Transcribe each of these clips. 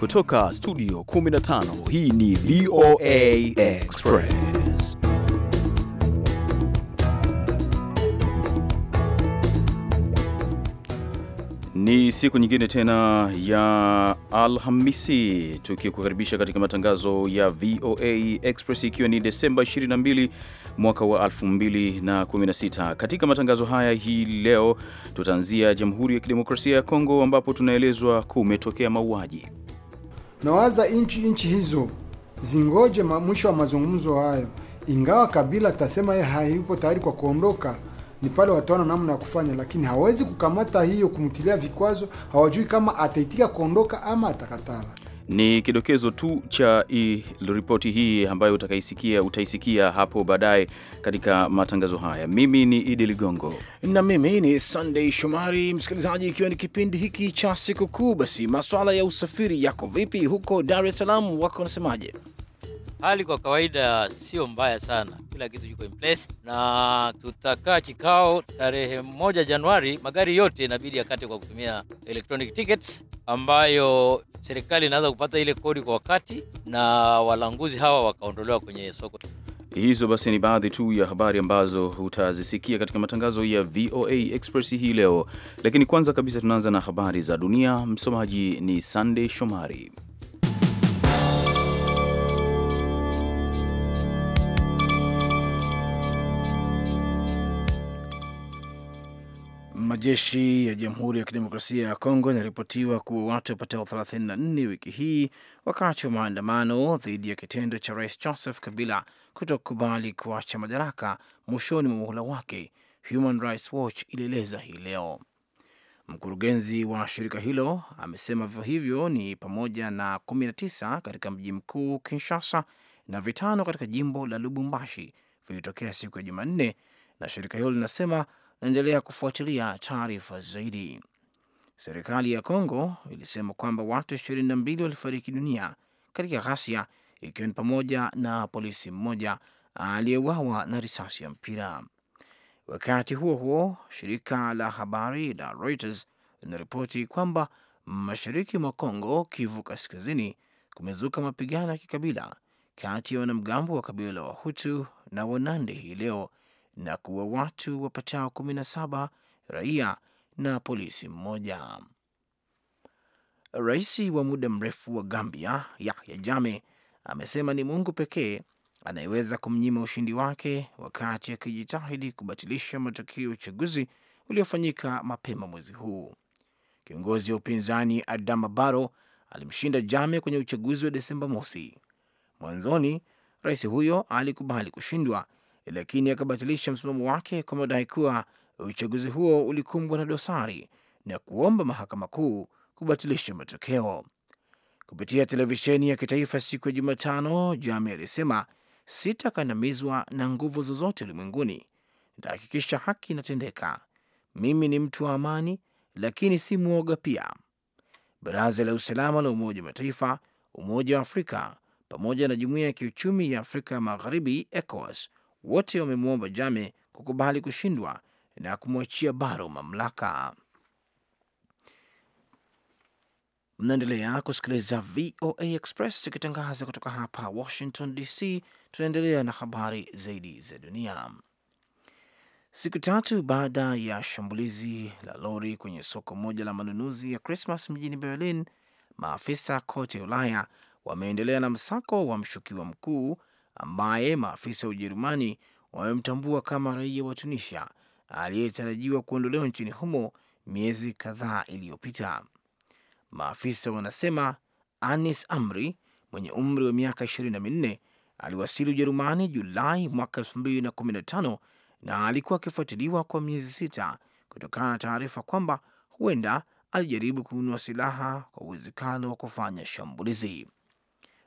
Kutoka studio 15 hii ni VOA Express. Ni siku nyingine tena ya Alhamisi tukikukaribisha katika matangazo ya VOA Express ikiwa ni Desemba 22 mwaka wa 2016. Katika matangazo haya hii leo tutaanzia Jamhuri ya Kidemokrasia ya Kongo ambapo tunaelezwa kumetokea mauaji Nawaza nchi nchi hizo zingoje mwisho wa mazungumzo hayo, ingawa Kabila atasema yeye hayupo tayari kwa kuondoka ni pale wataona namna ya kufanya, lakini hawezi kukamata hiyo kumtilia vikwazo. Hawajui kama ataitika kuondoka ama atakatala. Ni kidokezo tu cha ripoti hii ambayo utakaisikia utaisikia hapo baadaye katika matangazo haya. Mimi ni Idi Ligongo na mimi ni Sunday Shomari. Msikilizaji, ikiwa ni kipindi hiki cha sikukuu, basi maswala ya usafiri yako vipi huko Dar es Salaam? Wako wanasemaje? Hali kwa kawaida sio mbaya sana, kila kitu kiko in place na tutakaa kikao tarehe moja Januari. Magari yote inabidi yakate kwa kutumia electronic tickets, ambayo serikali inaanza kupata ile kodi kwa wakati na walanguzi hawa wakaondolewa kwenye soko. Hizo basi ni baadhi tu ya habari ambazo utazisikia katika matangazo ya VOA Express hii leo, lakini kwanza kabisa tunaanza na habari za dunia. Msomaji ni Sunday Shomari. Majeshi ya Jamhuri ya Kidemokrasia ya Kongo yanaripotiwa kuwa watu wapatao 34 wiki hii wakati wa maandamano dhidi ya kitendo cha Rais Joseph Kabila kutokubali kuacha madaraka mwishoni mwa muhula wake, Human Rights Watch ilieleza hii leo. Mkurugenzi wa shirika hilo amesema vifo hivyo ni pamoja na 19 katika mji mkuu Kinshasa na vitano katika jimbo la Lubumbashi vilitokea siku ya Jumanne, na shirika hilo linasema naendelea kufuatilia taarifa zaidi. Serikali ya Kongo ilisema kwamba watu 22 walifariki dunia katika ghasia, ikiwa ni pamoja na polisi mmoja aliyewawa na risasi ya mpira. Wakati huo huo, shirika la habari la Reuters linaripoti kwamba mashariki mwa Kongo, Kivu Kaskazini, kumezuka mapigano ya kikabila kati ya wanamgambo wa kabila la Wahutu na Wanande hii leo na kuwa watu wapatao 17 raia na polisi mmoja. Rais wa muda mrefu wa Gambia Yahya jame amesema ni Mungu pekee anayeweza kumnyima ushindi wake wakati akijitahidi kubatilisha matokeo ya uchaguzi uliofanyika mapema mwezi huu. Kiongozi wa upinzani Adama Baro alimshinda jame kwenye uchaguzi wa Desemba mosi. Mwanzoni rais huyo alikubali kushindwa lakini akabatilisha msimamo wake kwa madai kuwa uchaguzi huo ulikumbwa na dosari na kuomba mahakama kuu kubatilisha matokeo. Kupitia televisheni ya kitaifa siku ya Jumatano, Jame alisema sitakandamizwa na nguvu zozote ulimwenguni, nitahakikisha haki inatendeka. Mimi ni mtu wa amani, lakini si mwoga pia. Baraza la usalama la Umoja wa Mataifa, Umoja wa Afrika pamoja na Jumuiya ya Kiuchumi ya Afrika Magharibi, ECOWAS wote wamemwomba Jame kukubali kushindwa na kumwachia Baro mamlaka. Mnaendelea kusikiliza VOA Express ikitangaza kutoka hapa Washington DC. Tunaendelea na habari zaidi za dunia. Siku tatu baada ya shambulizi la lori kwenye soko moja la manunuzi ya Krismas mjini Berlin, maafisa kote Ulaya wameendelea na msako wa mshukiwa mkuu ambaye maafisa wa Ujerumani wamemtambua kama raia wa Tunisia aliyetarajiwa kuondolewa nchini humo miezi kadhaa iliyopita. Maafisa wanasema Anis Amri mwenye umri wa miaka ishirini na minne aliwasili Ujerumani Julai mwaka elfu mbili na kumi na tano na alikuwa akifuatiliwa kwa miezi sita kutokana na taarifa kwamba huenda alijaribu kununua silaha kwa uwezekano wa kufanya shambulizi.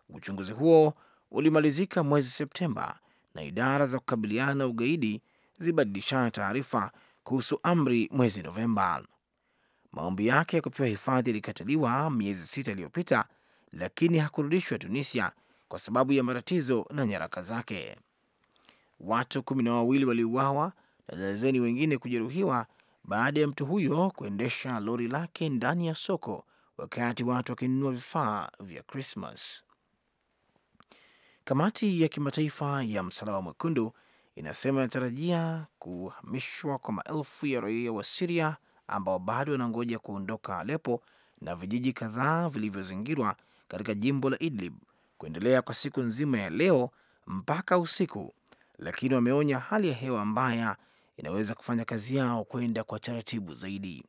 Uchunguzi huo ulimalizika mwezi Septemba na idara za kukabiliana na ugaidi zilibadilishana taarifa kuhusu amri mwezi Novemba. Maombi yake ya kupewa hifadhi yalikataliwa miezi sita iliyopita, lakini hakurudishwa Tunisia kwa sababu ya matatizo na nyaraka zake. Watu kumi na wawili waliuawa na dazeni wengine kujeruhiwa baada ya mtu huyo kuendesha lori lake ndani ya soko wakati watu wakinunua vifaa vya Krismas. Kamati ya Kimataifa ya Msalaba Mwekundu inasema inatarajia kuhamishwa kwa maelfu ya raia wa Siria ambao bado wanangoja kuondoka Alepo na vijiji kadhaa vilivyozingirwa katika jimbo la Idlib kuendelea kwa siku nzima ya leo mpaka usiku, lakini wameonya hali ya hewa mbaya inaweza kufanya kazi yao kwenda kwa taratibu zaidi.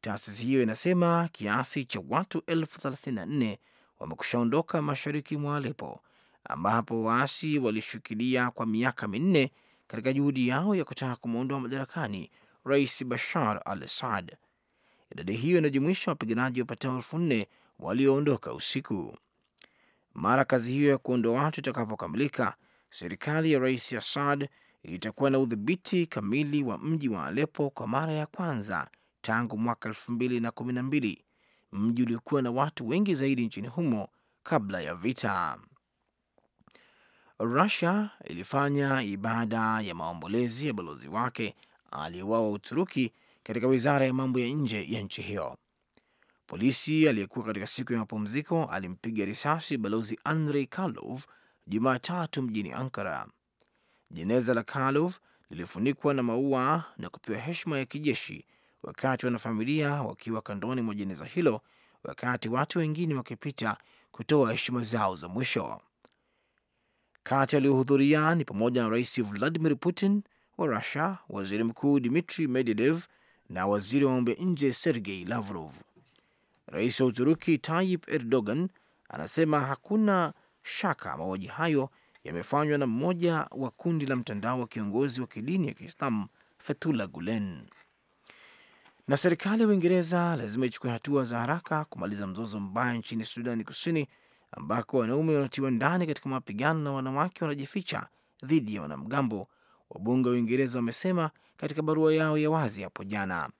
Taasisi hiyo inasema kiasi cha watu elfu 34 wamekushaondoka mashariki mwa Alepo ambapo waasi walishikilia kwa miaka minne katika juhudi yao ya kutaka kumwondoa madarakani Rais Bashar al Assad. Idadi hiyo inajumuisha wapiganaji wapatao elfu nne walioondoka usiku. Mara kazi hiyo ya kuondoa watu itakapokamilika, serikali ya Rais Assad itakuwa na udhibiti kamili wa mji wa Alepo kwa mara ya kwanza tangu mwaka elfu mbili na kumi na mbili, mji uliokuwa na watu wengi zaidi nchini humo kabla ya vita. Rusia ilifanya ibada ya maombolezi ya balozi wake aliyewawa Uturuki katika wizara ya mambo ya nje ya nchi hiyo. Polisi aliyekuwa katika siku ya mapumziko alimpiga risasi balozi Andrei Karlov Jumatatu mjini Ankara. Jeneza la Karlov lilifunikwa na maua na kupewa heshima ya kijeshi, wakati wanafamilia wakiwa kandoni mwa jeneza hilo, wakati watu wengine wakipita kutoa heshima zao za mwisho. Kati aliyohudhuria ni pamoja na Rais Vladimir Putin wa Rusia, Waziri Mkuu Dmitri Medvedev na waziri wa mambo ya nje Sergei Lavrov. Rais wa Uturuki Tayyip Erdogan anasema hakuna shaka mauaji hayo yamefanywa na mmoja wa kundi la mtandao wa kiongozi wa kidini ya Kiislamu Fethullah Gulen. Na serikali ya Uingereza lazima ichukue hatua za haraka kumaliza mzozo mbaya nchini Sudani Kusini ambako wanaume wanatiwa ndani katika mapigano na wanawake wanajificha dhidi ya wanamgambo, wabunge wa Uingereza wamesema katika barua yao ya wazi hapo jana.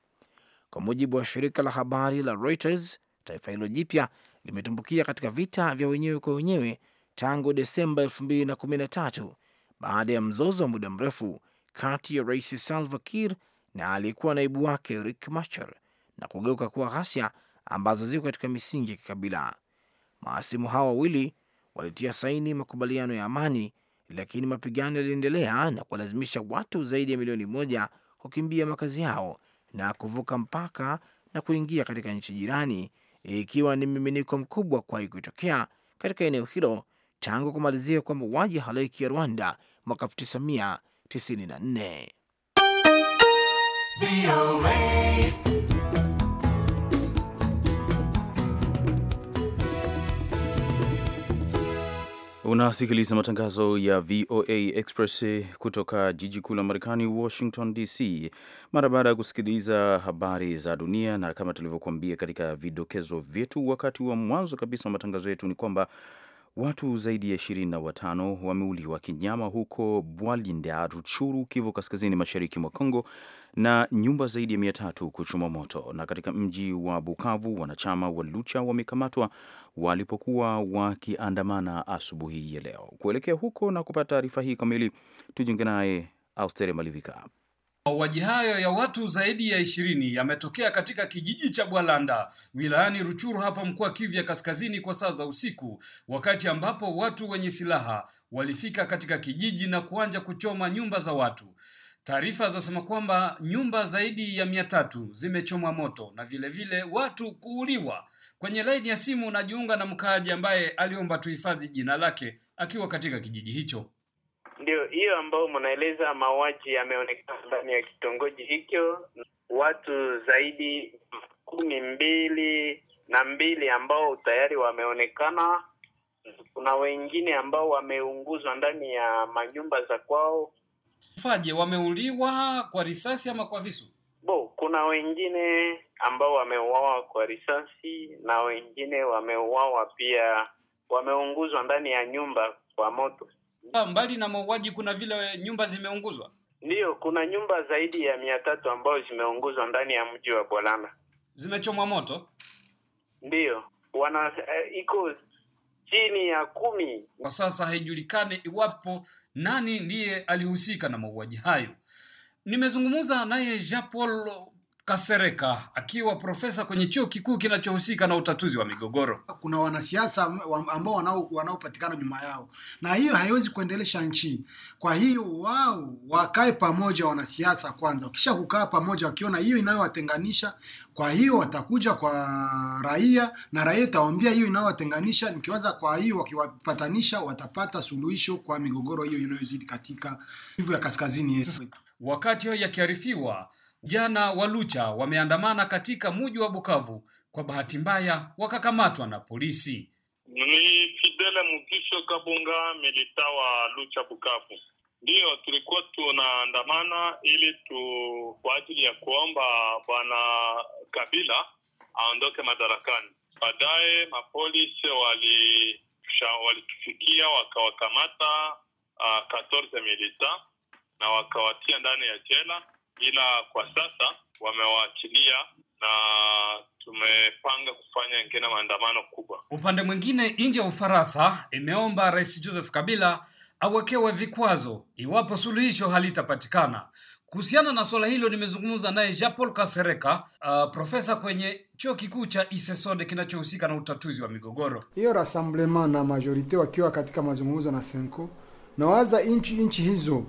Kwa mujibu wa shirika la habari la Reuters, taifa hilo jipya limetumbukia katika vita vya wenyewe kwa wenyewe tangu Desemba 2013 baada ya mzozo wa muda mrefu kati ya Rais Salva Kiir na aliyekuwa naibu wake Rick Machar na kugeuka kuwa ghasia ambazo ziko katika misingi ya kikabila. Maasimu hao wawili walitia saini makubaliano ya amani, lakini mapigano yaliendelea na kuwalazimisha watu zaidi ya milioni moja kukimbia makazi yao na kuvuka mpaka na kuingia katika nchi jirani, ikiwa ni mmiminiko mkubwa kuwahi kutokea katika eneo hilo tangu kumalizia kwa mauaji halaiki ya Rwanda mwaka 1994. Unasikiliza matangazo ya VOA Express kutoka jiji kuu la Marekani, Washington DC, mara baada ya kusikiliza habari za dunia. Na kama tulivyokuambia katika vidokezo vyetu wakati wa mwanzo kabisa wa matangazo yetu, ni kwamba watu zaidi ya ishirini na watano wameuliwa kinyama huko Bwalinda, Ruchuru, Kivu Kaskazini, mashariki mwa congo na nyumba zaidi ya mia tatu kuchoma moto. Na katika mji wa Bukavu, wanachama wa Lucha wamekamatwa walipokuwa wakiandamana asubuhi ya leo kuelekea huko. Na kupata taarifa hii kamili, tujiunge naye Austere Malivika. Mauaji hayo ya watu zaidi ya ishirini yametokea katika kijiji cha Bwalanda wilayani Ruchuru hapa mkoa Kivu ya Kaskazini kwa saa za usiku, wakati ambapo watu wenye silaha walifika katika kijiji na kuanza kuchoma nyumba za watu. Taarifa zasema kwamba nyumba zaidi ya mia tatu zimechomwa moto na vile vile watu kuuliwa. Kwenye laini ya simu najiunga na mkaaji ambaye aliomba tuhifadhi jina lake akiwa katika kijiji hicho. Ndio hiyo ambayo mnaeleza, mauaji yameonekana ndani ya kitongoji hicho, watu zaidi kumi mbili na mbili ambao tayari wameonekana. Kuna wengine ambao wameunguzwa ndani ya manyumba za kwao Faje wameuliwa kwa risasi ama kwa visu? Bo, kuna wengine ambao wameuawa kwa risasi na wengine wameuawa pia, wameunguzwa ndani ya nyumba kwa moto. Ha, ah, mbali na mauaji kuna vile nyumba zimeunguzwa? Ndiyo, kuna nyumba zaidi ya mia tatu ambazo zimeunguzwa ndani ya mji wa Bolana, zimechomwa moto. Ndiyo, wana eh, iko chini ya kumi kwa sasa, haijulikani iwapo nani ndiye alihusika na mauaji hayo. Nimezungumza naye Jean Paul Kasereka akiwa profesa kwenye chuo kikuu kinachohusika na utatuzi wa migogoro. Kuna wanasiasa ambao wanao wanaopatikana nyuma yao, na hiyo haiwezi kuendelesha nchi. Kwa hiyo wao wakae pamoja, wanasiasa kwanza. Wakisha kukaa pamoja, wakiona hiyo inayowatenganisha kwa hiyo watakuja kwa raia na raia itawaambia hiyo inayowatenganisha, nikiwaza. Kwa hiyo wakiwapatanisha, watapata suluhisho kwa migogoro hiyo inayozidi katika Kivu ya kaskazini yetu. Wakati hayo yakiarifiwa, jana wa Lucha wameandamana katika mji wa Bukavu, kwa bahati mbaya wakakamatwa na polisi. Ni Fidele Mugisho Kabunga, milita wa Lucha Bukavu. Ndiyo, tulikuwa tunaandamana ili tu kwa ajili ya kuomba bwana Kabila aondoke madarakani. Baadaye mapolisi walitufikia wali wakawakamata uh, milita na wakawatia ndani ya jela, ila kwa sasa wamewaachilia na tumepanga kufanya ingine maandamano kubwa. Upande mwingine, nje ya Ufaransa imeomba rais Joseph Kabila awekewe vikwazo iwapo suluhisho halitapatikana. Kuhusiana na suala hilo nimezungumza naye Jean Paul Kasereka, uh, profesa kwenye chuo kikuu cha Isesode kinachohusika na utatuzi wa migogoro. Hiyo rassemblement na majorite wakiwa katika mazungumzo na Senko, nawaza nchi nchi hizo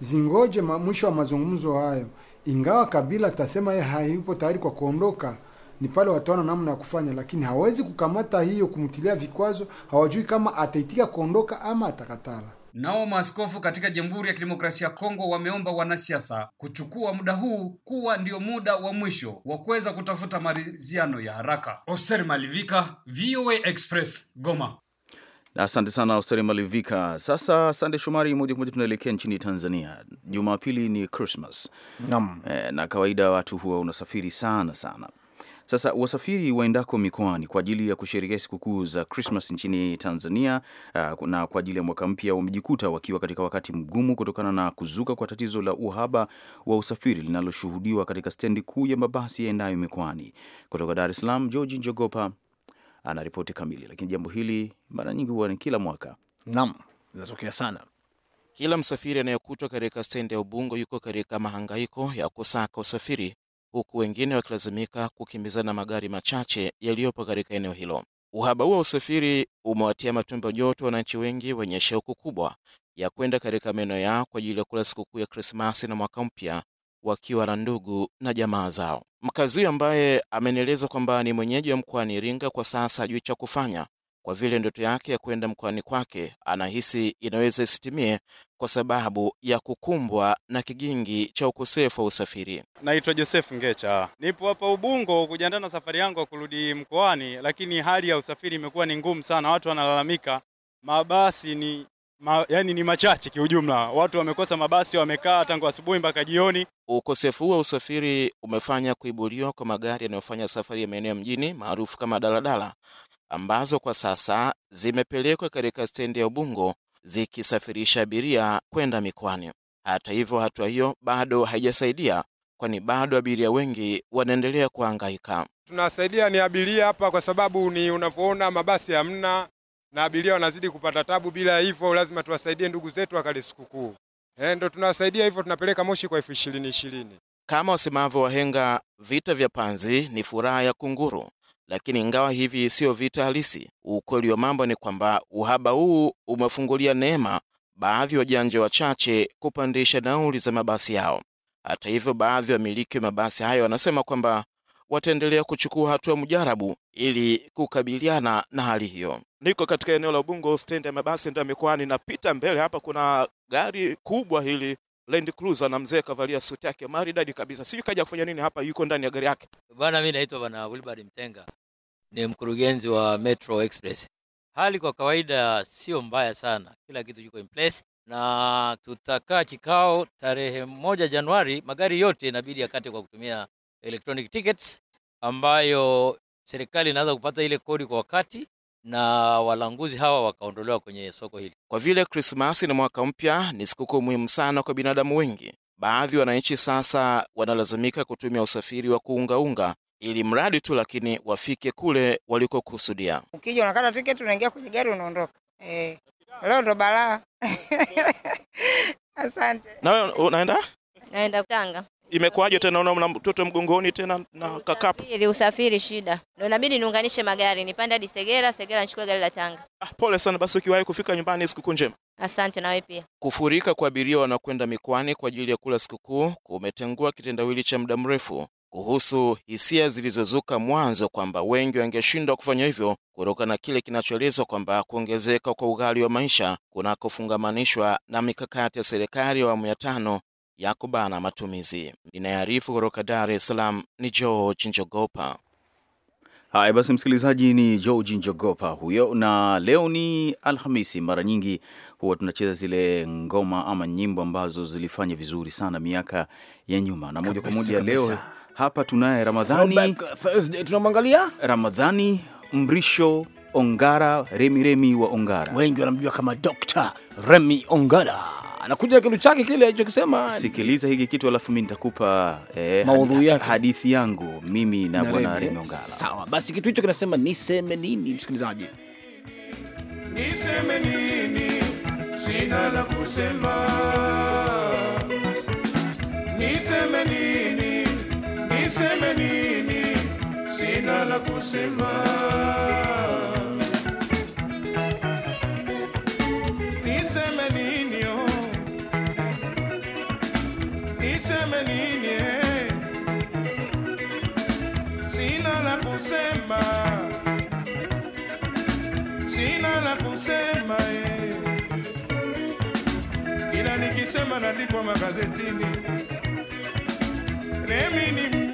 zingoje mwisho wa mazungumzo hayo, ingawa Kabila tasema yeye hayupo tayari kwa kuondoka ni pale wataona namna ya kufanya, lakini hawezi kukamata hiyo kumtilia vikwazo. Hawajui kama ataitika kuondoka ama atakatala. Nao maaskofu katika Jamhuri ya Kidemokrasia ya Kongo wameomba wanasiasa kuchukua muda huu kuwa ndio muda wa mwisho wa kuweza kutafuta maridhiano ya haraka. Oser Malivika, VOA Express, Goma. Asante sana Osteri Malivika. Sasa asante Shomari, moja kwa moja tunaelekea nchini Tanzania. Jumapili ni Christmas. Naam. E, na kawaida watu huwa unasafiri sana sana sasa wasafiri waendako mikoani kwa ajili ya kusherehekea sikukuu za krismas nchini Tanzania uh, na kwa ajili ya mwaka mpya wamejikuta wakiwa katika wakati mgumu kutokana na kuzuka kwa tatizo la uhaba wa usafiri linaloshuhudiwa katika stendi kuu ya mabasi yaendayo mikoani. Kutoka Dar es Salaam, George Njogopa anaripoti kamili. Lakini jambo hili mara nyingi huwa ni kila mwaka, naam, linatokea sana. Kila msafiri anayekutwa katika stendi ya Ubungo yuko katika mahangaiko ya kusaka usafiri huku wengine wakilazimika kukimbizana magari machache yaliyopo katika eneo hilo. Uhaba huo wa usafiri umewatia matumbo joto wananchi wengi wenye shauku kubwa ya kwenda katika maeneo yao kwa ajili ya kula sikukuu ya Krismasi na mwaka mpya wakiwa na ndugu na jamaa zao. Mkazi huyo ambaye amenieleza kwamba ni mwenyeji wa mkoani Iringa kwa sasa hajui cha kufanya, kwa vile ndoto yake ya kwenda mkoani kwake anahisi inaweza isitimie kwa sababu ya kukumbwa na kigingi cha ukosefu wa usafiri. Naitwa Joseph Ngecha, nipo hapa Ubungo kujiandaa na safari yangu ya kurudi mkoani, lakini hali ya usafiri imekuwa ni ngumu sana. Watu wanalalamika mabasi ni ma, yani ni machache kiujumla. Watu wamekosa mabasi, wamekaa tangu asubuhi mpaka jioni. Ukosefu huu wa usafiri umefanya kuibuliwa kwa magari yanayofanya safari ya maeneo mjini maarufu kama daladala ambazo kwa sasa zimepelekwa katika stendi ya Ubungo zikisafirisha abiria kwenda mikoani. Hata hivyo, hatua hiyo bado haijasaidia, kwani bado abiria wengi wanaendelea kuhangaika. Tunasaidia ni abiria hapa, kwa sababu ni unavyoona mabasi hamna na abiria wanazidi kupata tabu. Bila hivyo, lazima tuwasaidie ndugu zetu wakale sikukuu, eh, ndo tunawasaidia hivyo, tunapeleka moshi kwa elfu ishirini ishirini. Kama wasemavyo wahenga, vita vya panzi ni furaha ya kunguru lakini ingawa hivi siyo vita halisi, ukweli wa mambo ni kwamba uhaba huu umefungulia neema baadhi ya wajanja wachache kupandisha nauli za mabasi yao. Hata hivyo, baadhi ya wamiliki wa mabasi hayo wanasema kwamba wataendelea kuchukua hatua mujarabu ili kukabiliana na hali hiyo. Niko katika eneo la Ubungo, stendi ya mabasi ndio mikoani. Napita mbele hapa, kuna gari kubwa hili Land Cruiser na mzee kavalia suti yake maridadi kabisa. Sijui kaja kufanya nini hapa, yuko ndani ya gari yake. Bwana, mi naitwa Bwana Wilbard Mtenga ni mkurugenzi wa Metro Express. Hali kwa kawaida sio mbaya sana, kila kitu kiko in place na tutakaa kikao tarehe moja Januari. Magari yote inabidi yakate kwa kutumia electronic tickets, ambayo serikali inaanza kupata ile kodi kwa wakati na walanguzi hawa wakaondolewa kwenye soko hili. Kwa vile Krismasi na mwaka mpya ni sikukuu muhimu sana kwa binadamu wengi, baadhi ya wananchi sasa wanalazimika kutumia usafiri wa kuungaunga ili mradi tu lakini wafike kule walikokusudia. Ukija unakata tiketi, unaingia kwenye gari, unaondoka. Eh, leo ndo balaa. Asante. Na wewe unaenda? Naenda Tanga. Imekuwaje tena una mtoto mgongoni tena na kakapo? Ili usafiri shida. Ndio inabidi niunganishe magari, nipande hadi Segera, Segera nichukue gari la Tanga. Ah, pole sana basi ukiwahi kufika nyumbani sikukuu njema. Asante nawe pia. Kufurika kwa abiria wanaokwenda mikoani kwa ajili ya kula sikukuu kumetengua kitendawili cha muda mrefu kuhusu hisia zilizozuka mwanzo kwamba wengi wangeshindwa kufanya hivyo kutoka na kile kinachoelezwa kwamba kuongezeka kwa ughali wa maisha kunakofungamanishwa na mikakati ya serikali ya awamu ya tano ya kubana matumizi. Ninayearifu kutoka Dar es Salaam ni George Njogopa. Haya basi, msikilizaji, ni georgi Njogopa huyo, na leo ni Alhamisi. Mara nyingi huwa tunacheza zile ngoma ama nyimbo ambazo zilifanya vizuri sana miaka ya nyuma, na moja kwa moja leo hapa tunaye Ramadhani, tunamwangalia Ramadhani Mrisho Ongara, Remi Remi wa Ongara, wengi wanamjua kama Dr. Remi Ongara anakuja kitu chake kile alichokisema. Sikiliza hiki kitu alafu mimi nitakupa eh, maudhui yake, hadithi yangu mimi na bwana Remi Ongara. Sawa basi, kitu hicho kinasema niseme nini, msikilizaji? Niseme nini? Sina la kusema, niseme nini? niseme nini, sina la kusema. Niseme nini, oh. niseme nini, eh. sina la kusema, sina la kusema eh. Kila nikisema naandikwa magazetini, Remini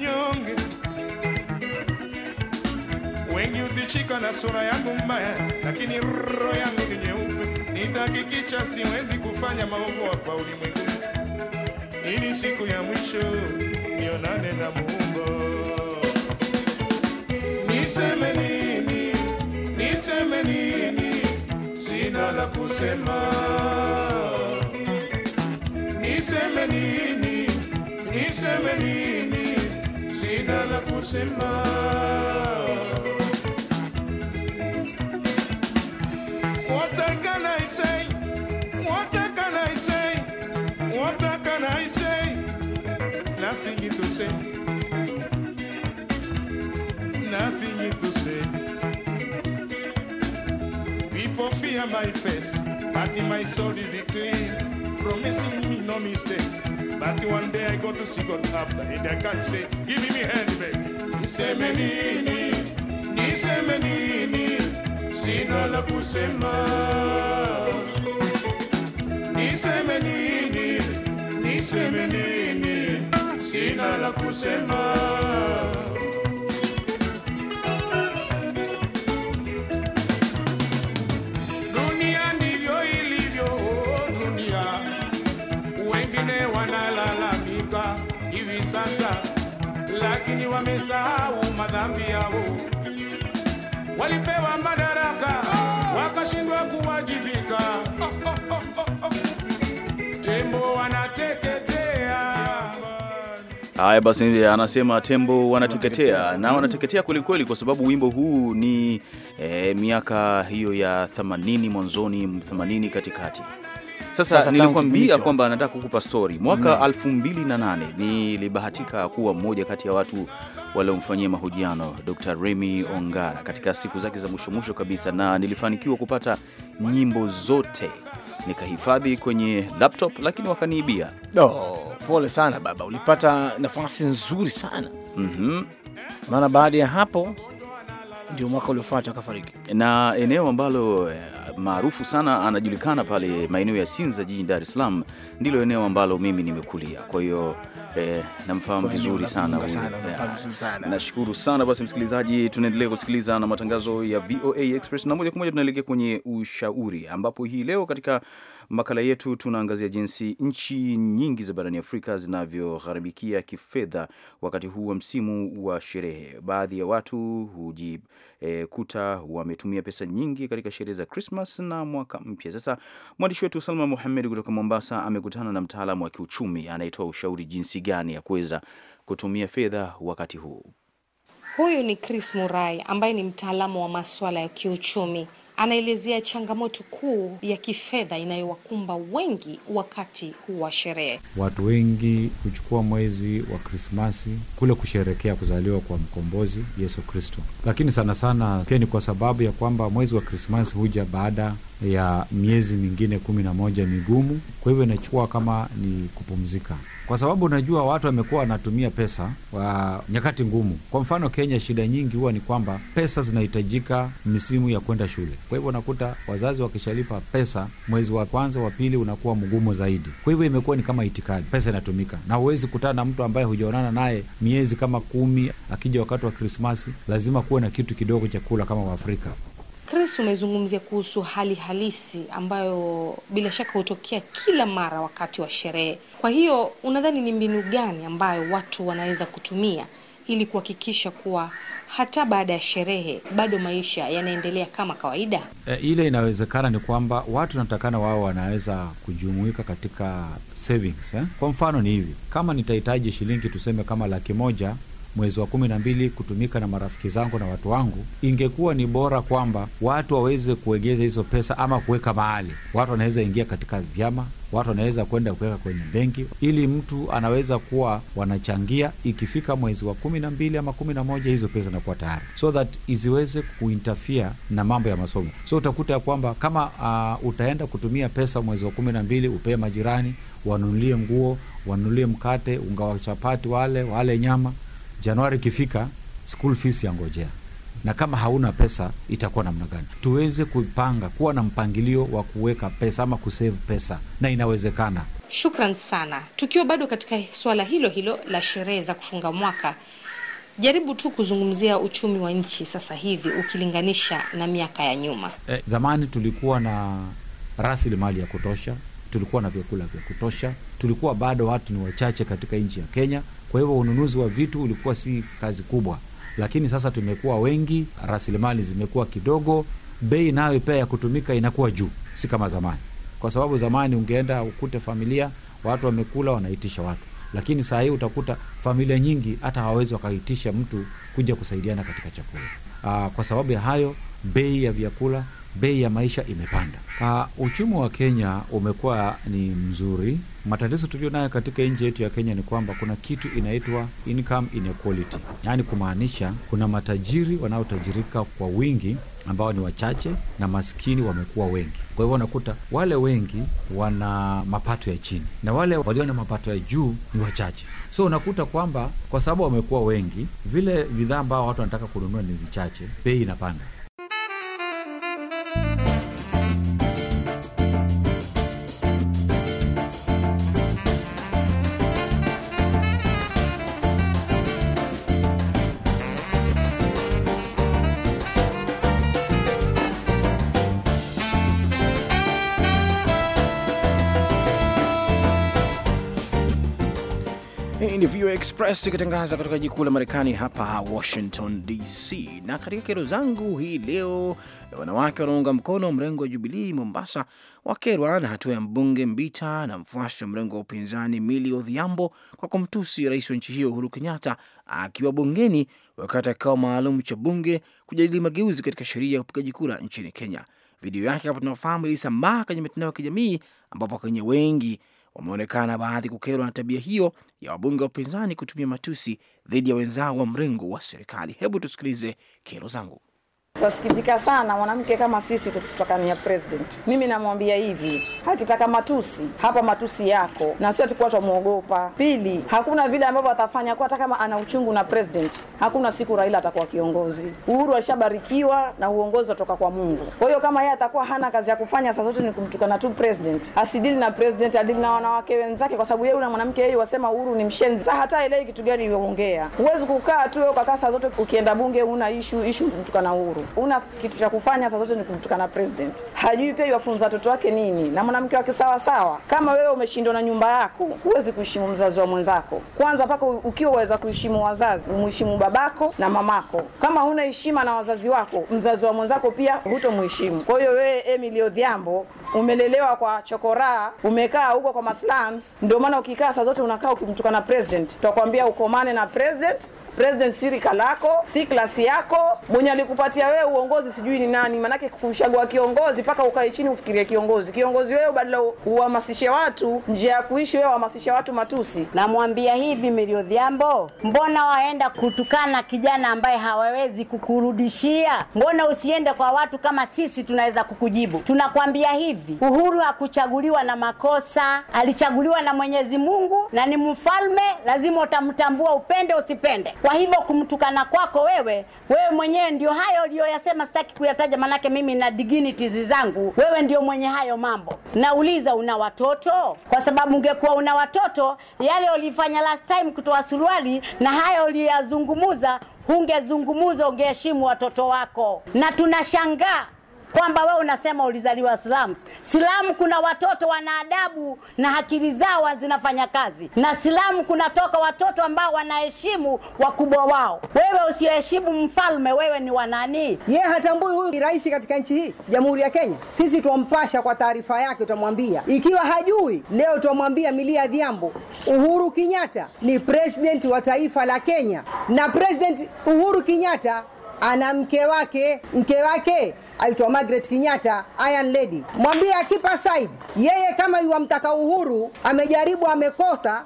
Nilishika na sura yangu mbaya, lakini roho yangu ni nyeupe. Nitahakikisha siwezi kufanya maovu kwa ulimwenguni. Hii ni siku ya mwisho, nionane na Muumba. Niseme nini? Niseme nini? Sina la kusema. Niseme nini? Niseme nini? Sina la kusema. to say. Nothing to say. People fear my face, but in my soul is it clean. Promising me no mistakes. But one day I go to see God after, and I can't say, Give me hand, baby. ni semenini, sina la semenini, ni semenini. sina la kusema. Dunia ndivyo ilivyo, oh, dunia wengine wanalalamika hivi sasa, lakini wamesahau madhambi yao. Walipewa madaraka wakashindwa kuwajibika. Tembo wana Haya basi, anasema tembo wanateketea na wanateketea kwelikweli, kwa sababu wimbo huu ni e, miaka hiyo ya 80 mwanzoni 80 katikati. Sasa, sasa nilikwambia kwamba nataka kukupa stori. Mwaka 2008 mm. nilibahatika kuwa mmoja kati ya watu waliomfanyia mahojiano Dr. Remy Ongara katika siku zake za mwishomwisho kabisa, na nilifanikiwa kupata nyimbo zote nikahifadhi kwenye laptop, lakini wakaniibia Oh pole sana baba, ulipata nafasi nzuri sana mm -hmm. Maana baada ya hapo ndio mwaka uliofuata akafariki, na eneo ambalo eh, maarufu sana anajulikana pale maeneo ya Sinza jijini Dar es Salaam, ndilo eneo ambalo mimi nimekulia, kwa hiyo Eh, namfahamu vizuri sana, sana, eh, sana. Nashukuru sana basi, msikilizaji, tunaendelea kusikiliza na matangazo ya VOA Express na moja kwa moja tunaelekea kwenye ushauri, ambapo hii leo katika makala yetu tunaangazia jinsi nchi nyingi za barani Afrika zinavyogharamikia kifedha wakati huu wa msimu wa sherehe. Baadhi ya watu hujikuta wametumia pesa nyingi katika sherehe za Krismas na mwaka mpya. Sasa mwandishi wetu Salma Muhamed kutoka Mombasa amekutana na mtaalamu wa kiuchumi anayetoa ushauri jinsi gani ya kuweza kutumia fedha wakati huu. Huyu ni Chris Murai ambaye ni mtaalamu wa maswala ya kiuchumi anaelezea changamoto kuu ya kifedha inayowakumba wengi wakati wa sherehe. Watu wengi huchukua mwezi wa Krismasi kule kusherekea kuzaliwa kwa mkombozi Yesu Kristo, lakini sana sana pia ni kwa sababu ya kwamba mwezi wa Krismasi huja baada ya miezi mingine kumi na moja migumu. Kwa hivyo inachukua kama ni kupumzika, kwa sababu unajua watu wamekuwa wanatumia pesa wa nyakati ngumu. Kwa mfano Kenya, shida nyingi huwa ni kwamba pesa zinahitajika misimu ya kwenda shule. Kwa hivyo unakuta wazazi wakishalipa pesa, mwezi wa kwanza wa pili unakuwa mgumu zaidi. Kwa hivyo imekuwa ni kama itikadi, pesa inatumika, na huwezi kutana na mtu ambaye hujaonana naye miezi kama kumi. Akija wakati wa Krismasi lazima kuwe na kitu kidogo cha kula kama Waafrika. Chris, umezungumzia kuhusu hali halisi ambayo bila shaka hutokea kila mara wakati wa sherehe. Kwa hiyo unadhani ni mbinu gani ambayo watu wanaweza kutumia ili kuhakikisha kuwa hata baada ya sherehe bado maisha yanaendelea kama kawaida? E, ile inawezekana ni kwamba watu natakana wao wanaweza kujumuika katika savings eh? Kwa mfano ni hivi, kama nitahitaji shilingi tuseme kama laki moja mwezi wa kumi na mbili kutumika na marafiki zangu na watu wangu, ingekuwa ni bora kwamba watu waweze kuegeza hizo pesa ama kuweka mahali. Watu wanaweza ingia katika vyama, watu wanaweza kwenda kuweka kwenye benki, ili mtu anaweza kuwa wanachangia. Ikifika mwezi wa kumi na mbili ama kumi na moja hizo pesa zinakuwa tayari, so that iziweze kuinterfere na mambo ya masomo. So utakuta ya kwamba kama uh, utaenda kutumia pesa mwezi wa kumi na mbili upee majirani, wanunulie nguo, wanunulie mkate, unga wa chapati, wale wale nyama Januari ikifika, school fees yangojea, na kama hauna pesa itakuwa namna gani? Tuweze kupanga, kuwa na mpangilio wa kuweka pesa ama kusave pesa, na inawezekana. Shukran sana. Tukiwa bado katika suala hilo hilo la sherehe za kufunga mwaka, jaribu tu kuzungumzia uchumi wa nchi sasa hivi ukilinganisha na miaka ya nyuma. Eh, zamani tulikuwa na rasilimali ya kutosha, tulikuwa na vyakula vya kutosha, tulikuwa bado watu ni wachache katika nchi ya Kenya. Kwa hivyo ununuzi wa vitu ulikuwa si kazi kubwa, lakini sasa tumekuwa wengi, rasilimali zimekuwa kidogo, bei nayo pia ya kutumika inakuwa juu, si kama zamani, kwa sababu zamani ungeenda ukute familia watu wamekula, wanaitisha watu, lakini saa hii utakuta familia nyingi hata hawawezi wakaitisha mtu kuja kusaidiana katika chakula. Aa, ah, kwa sababu ya hayo bei ya vyakula bei ya maisha imepanda. Uh, uchumi wa Kenya umekuwa ni mzuri. Matatizo tulio nayo katika nchi yetu ya Kenya ni kwamba kuna kitu inaitwa income inequality, yaani kumaanisha kuna matajiri wanaotajirika kwa wingi ambao ni wachache na maskini wamekuwa wengi. Kwa hivyo unakuta wale wengi wana mapato ya chini na wale walio na mapato ya juu ni wachache. So unakuta kwamba kwa sababu wamekuwa wengi, vile bidhaa ambao watu wanataka kununua ni vichache, bei inapanda. Express ikitangaza kutoka jiji kuu la Marekani hapa Washington DC. Na katika kero zangu hii leo, wanawake wanaunga mkono mrengo wa Jubilii Mombasa wakerwa na hatua ya mbunge Mbita na mfuasi wa mrengo wa upinzani Mili Odhiambo kwa kumtusi rais wa nchi hiyo Uhuru Kenyatta akiwa bungeni wakati wa maalum cha bunge kujadili mageuzi katika sheria ya upigaji kura nchini Kenya. Video yake hapo tunafahamu ilisambaa kwenye mitandao ya kijamii ambapo Wakenya wengi wameonekana baadhi kukerwa na tabia hiyo ya wabunge wa upinzani kutumia matusi dhidi ya wenzao wa mrengo wa serikali. Hebu tusikilize kero zangu. Nasikitika sana mwanamke kama sisi kututakania president. Mimi namwambia hivi, akitaka matusi hapa matusi yako, na sio atakuwa tumuogopa. Pili, hakuna vile ambavyo atafanya kwa, hata kama ana uchungu na president, hakuna siku Raila atakuwa kiongozi. Uhuru alishabarikiwa na uongozi watoka kwa Mungu. Kwa hiyo kama yeye atakuwa hana kazi ya kufanya, saa zote ni kumtukana tu president. Asidili na president, adili na wanawake wenzake, kwa sababu yeye yule mwanamke yeye wasema Uhuru ni mshenzi. Sasa hata elewi kitu gani yeye ongea. Huwezi kukaa tu wewe kwa saa zote ukienda bunge una issue issue kumtukana Uhuru una kitu cha kufanya saa zote ni kumtukana president. Hajui pia yuwafunza watoto wake nini na mwanamke wake sawa sawa. Kama wewe umeshindwa na nyumba yako, huwezi kuheshimu mzazi wa mwenzako. Kwanza mpaka ukiwa waweza kuheshimu wazazi, umheshimu babako na mamako. Kama huna heshima na wazazi wako, mzazi wa mwenzako pia hutomheshimu. Kwa hiyo wewe Emily Odhiambo umelelewa kwa chokoraa, umekaa huko kwa maslams, ndio maana ukikaa saa zote unakaa ukimtukana president. Tutakwambia ukomane na president president shirika lako, si klasi yako. Mwenye alikupatia wewe uongozi sijui ni nani, manake kuchagua kiongozi mpaka ukae chini ufikirie kiongozi. Kiongozi wewe badala uhamasishe watu njia ya kuishi, wewe uhamasishe watu matusi. Namwambia hivi Milly mbona waenda kutukana kijana ambaye hawawezi kukurudishia? Mbona usiende kwa watu kama sisi tunaweza kukujibu? Tunakwambia hivi, Uhuru hakuchaguliwa na makosa, alichaguliwa na Mwenyezi Mungu na ni mfalme, lazima utamtambua upende usipende. Kwa hivyo kumtukana kwako wewe, wewe mwenyewe ndio hayo uliyoyasema, sitaki kuyataja manake mimi na dignities zangu. Wewe ndio mwenye hayo mambo. Nauliza, una watoto? Kwa sababu ungekuwa una watoto, yale ulifanya last time kutoa suruali na hayo uliyoyazungumuza, hungezungumuza, ungeheshimu watoto wako, na tunashangaa kwamba wewe unasema ulizaliwa slums. Silamu kuna watoto wana adabu na akili zao zinafanya kazi, na kuna kunatoka watoto ambao wanaheshimu wakubwa wao. Wewe usioheshimu mfalme, wewe ni wanani? Ye hatambui huyu rais katika nchi hii, jamhuri ya Kenya. Sisi twampasha kwa taarifa yake, tutamwambia ikiwa hajui leo, twamwambia Milia Dhiambo, Uhuru Kenyatta ni president wa taifa la Kenya na president Uhuru Kenyatta ana mke wake, mke wake aitwa Margaret Kinyata Iron Lady. Mwambie akipa side, yeye kama yuwamtaka uhuru, amejaribu amekosa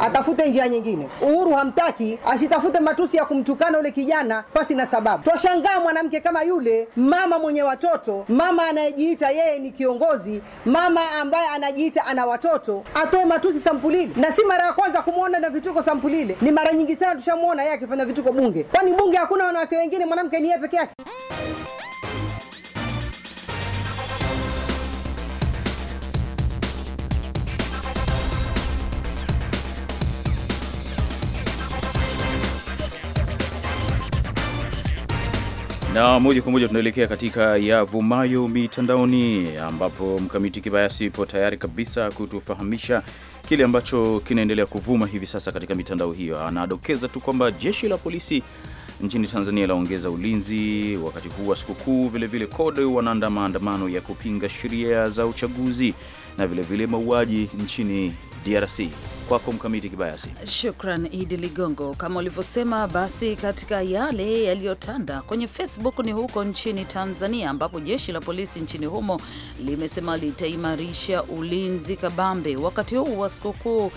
atafute njia nyingine. Uhuru hamtaki, asitafute matusi ya kumtukana ule kijana pasi na sababu. Twashangaa mwanamke kama yule, mama mwenye watoto, mama anayejiita yeye ni kiongozi, mama ambaye anajiita ana watoto, atoe matusi sampulile, na si mara ya kwanza kumwona na vituko sampulile. Ni mara nyingi sana tushamwona yeye akifanya vituko Bunge. Kwani Bunge hakuna wanawake wengine, mwanamke ni yeye peke yake. na moja kwa moja tunaelekea katika yavumayo mitandaoni, ambapo Mkamiti Kibayasi ipo tayari kabisa kutufahamisha kile ambacho kinaendelea kuvuma hivi sasa katika mitandao hiyo. Anadokeza tu kwamba jeshi la polisi nchini Tanzania laongeza ulinzi wakati huu wa sikukuu. Vilevile kodo wanaandaa maandamano ya kupinga sheria za uchaguzi na vilevile mauaji nchini DRC. Kwako Mkamiti Kibayasi. Shukran Idi Ligongo. Kama ulivyosema, basi katika yale yaliyotanda kwenye Facebook ni huko nchini Tanzania, ambapo jeshi la polisi nchini humo limesema litaimarisha ulinzi kabambe wakati huu wa sikukuu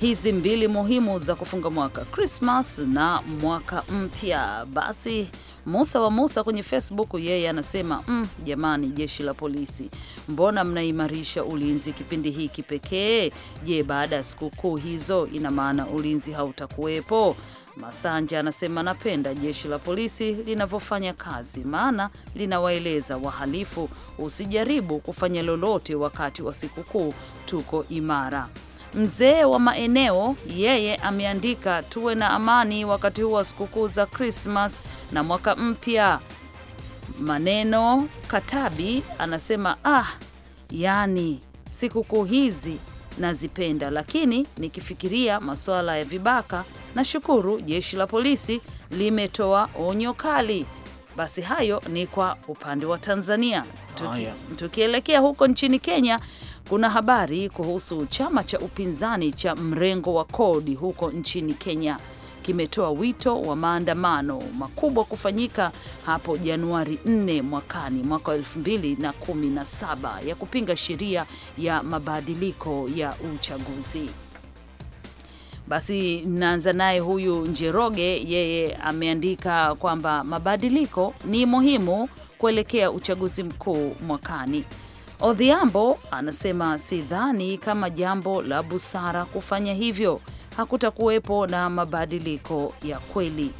hizi mbili muhimu za kufunga mwaka Krismas na mwaka mpya. Basi Musa wa Musa kwenye Facebook yeye anasema mm, jamani, jeshi la polisi, mbona mnaimarisha ulinzi kipindi hiki pekee? Je, baada ya sikukuu hizo ina maana ulinzi hautakuwepo? Masanja anasema napenda jeshi la polisi linavyofanya kazi, maana linawaeleza wahalifu usijaribu kufanya lolote wakati wa sikukuu, tuko imara. Mzee wa maeneo yeye ameandika, tuwe na amani wakati huu wa sikukuu za Krismas na mwaka mpya. Maneno Katabi anasema ah, yani sikukuu hizi nazipenda, lakini nikifikiria masuala ya vibaka, nashukuru jeshi la polisi limetoa onyo kali. Basi hayo ni kwa upande wa Tanzania. Tukielekea huko nchini Kenya kuna habari kuhusu chama cha upinzani cha mrengo wa kodi huko nchini Kenya kimetoa wito wa maandamano makubwa kufanyika hapo Januari 4 mwakani mwaka 2017 ya kupinga sheria ya mabadiliko ya uchaguzi. Basi naanza naye huyu Njeroge, yeye ameandika kwamba mabadiliko ni muhimu kuelekea uchaguzi mkuu mwakani. Odhiambo anasema sidhani kama jambo la busara kufanya hivyo, hakutakuwepo na mabadiliko ya kweli.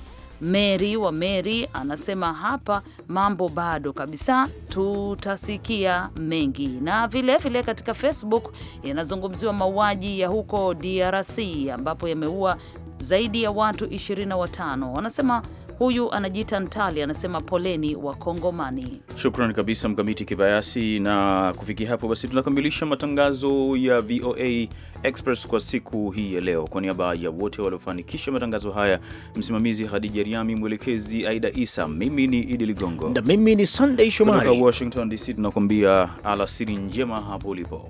Mary wa Mary anasema hapa mambo bado kabisa, tutasikia mengi. Na vilevile vile katika Facebook yanazungumziwa mauaji ya huko DRC ambapo yameua zaidi ya watu 25 wanasema Huyu anajiita Ntali, anasema poleni wa Kongomani. Shukrani kabisa Mkamiti Kibayasi, na kufikia hapo basi tunakamilisha matangazo ya VOA Express kwa siku hii ya leo. Kwa niaba ya wote waliofanikisha matangazo haya, msimamizi hadija Riami, mwelekezi Aida Isa, mimi ni Idi Ligongo na mimi ni Sunday Shomari kutoka Washington DC, tunakuambia alasiri njema hapo ulipo.